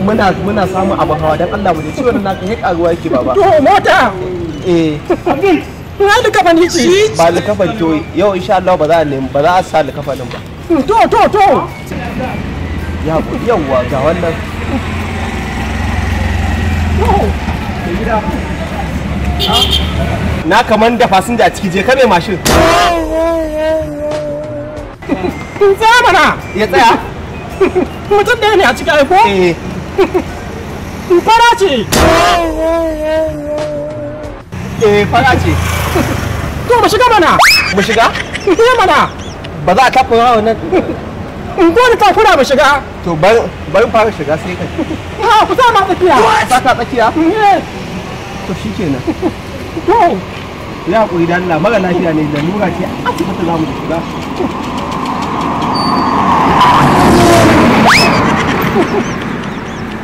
muna muna samun abu hawa dan Allah mu je ciwon naka ya karuwa yake baba to mota eh abin na likafa ne ci ba likafa to yau insha Allah ba za a nemi ba za a sa likafa din ba hmm, to to to ya bu yawa ga wannan na kaman da fasinja ciki je ka mai mashin Kun tsaya mana ya tsaya mutum ɗaya ne a cikin aiko? Eh. fara ce eh fara ce to mu shiga mana mu shiga eh mana ba za a takura wannan in ko da takura mu shiga to bari fara shiga sai kai a ku sa ma tsakiya sa ta tsakiya to shikenan to ya hakuri da Allah mara lafiya ne da lura ce asibiti za mu shiga Thank you.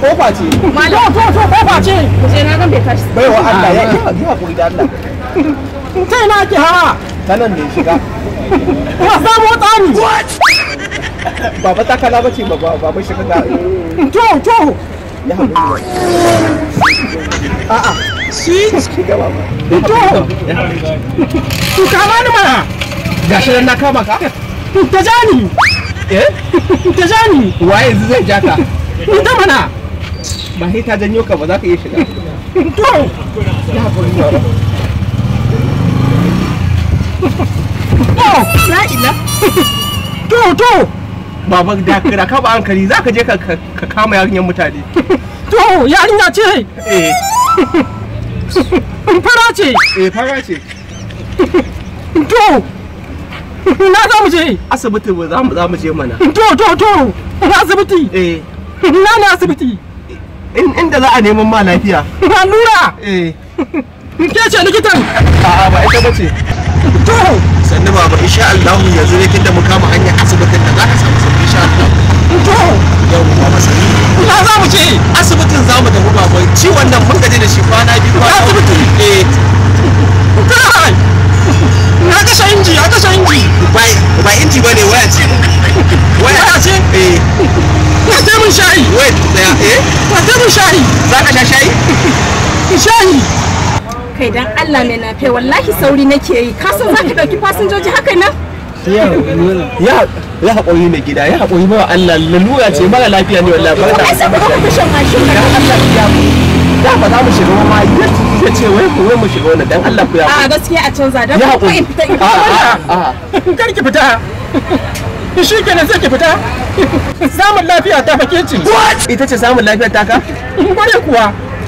kofa ce malam to to kofa ce ku eh, je na gan bai tashi bai wa Allah ah, ya kiwa kiwa ku da Allah kai na ki ha tanan ne shiga wa samu tsani baba ta kala bace baba baba shiga da to to ya hakuri a a shi shiga baba to ku kama ni mana gashi nan na kama ka ta jani eh ta jani waye zai jaka ita mana ba sai ta janyo ka ba za ka iya shiga to ya to la ila to to baba da kira ka ba hankali za ka je ka kama yarinyar mutane to yarinya ce eh fara ce eh fara ce to na za mu je asibiti ba za mu je mana to to to asibiti eh na ne asibiti inda za a neman ma lafiya Lura! eh ke ce likitan a'a ba ita bace to sannu baba insha Allah yanzu ne tunda mu kama hanyar asibitin da za ka samu sauki insha Allah to yau ba masani ina za mu je asibitin za mu tafi baba ciwon nan mun gaje da shi kwana biyu kwana asibitin eh shayi za ka sha shayi shayi kai dan Allah mai nafe wallahi sauri nake yi ka san za ka dauki fasinjoji haka nan ya ya haƙuri ne gida ya haƙuri ba Allah lalura ce mara lafiya ne wallahi barka sai ku shan mashin da Allah ya ku da ba za mu shiga ma ya ce wai ku wai mu shiga wannan dan Allah ku ya a gaskiya a canza dan ku fita in fita kar ki fita shi kenan sai ki fita samun lafiya ta fake ce ita ce samun lafiya ta ka kware kuwa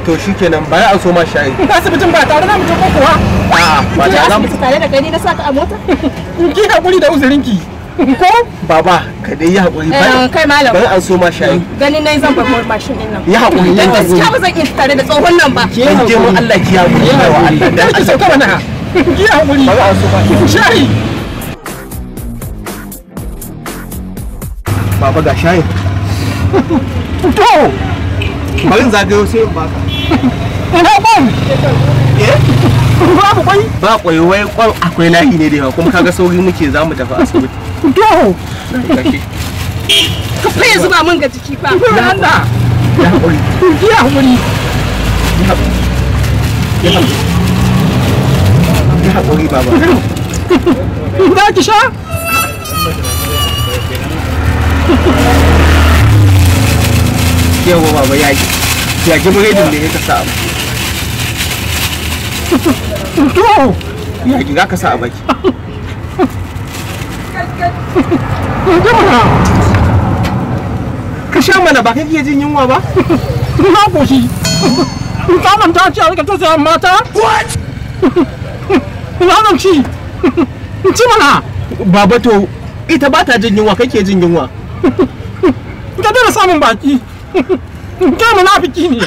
to shi kenan baya a so ma shayi asibitin ba tare na mutum ko kuwa a'a ba tare na mutum tare da kai na saka a mota ki hakuri da uzurin ki, ko baba ka dai yi hakuri ba eh, kai malam bari an so ma shayi gani nai zan bar mashin din nan yi hakuri dan gaskiya ba zan iya tare da tsohon nan ba dan je mu Allah ki hakuri wa Allah dan ki sauka bana ki hakuri bari an so ma shayi baba ga shayin to bari zagayo sai in baka ina kwai eh? babu kwai ba kwai wai kwai akwai layi ne da yawa kuma kaga sauri muke za mu tafi asibiti to ka faye zuba min ga jiki fa ya hanna ya hakuri ya hakuri ya hakuri baba za ki sha yawa baba ya ki ya ki biredin da ya ka sa to ya ki za ka sa a baki ka sha mana ba kake jin yunwa ba na koshi ta ce a rika tausaya mata what na ci ci mana baba to ita ba ta jin yunwa kake jin yunwa ka dara samun baki ke munafiki ne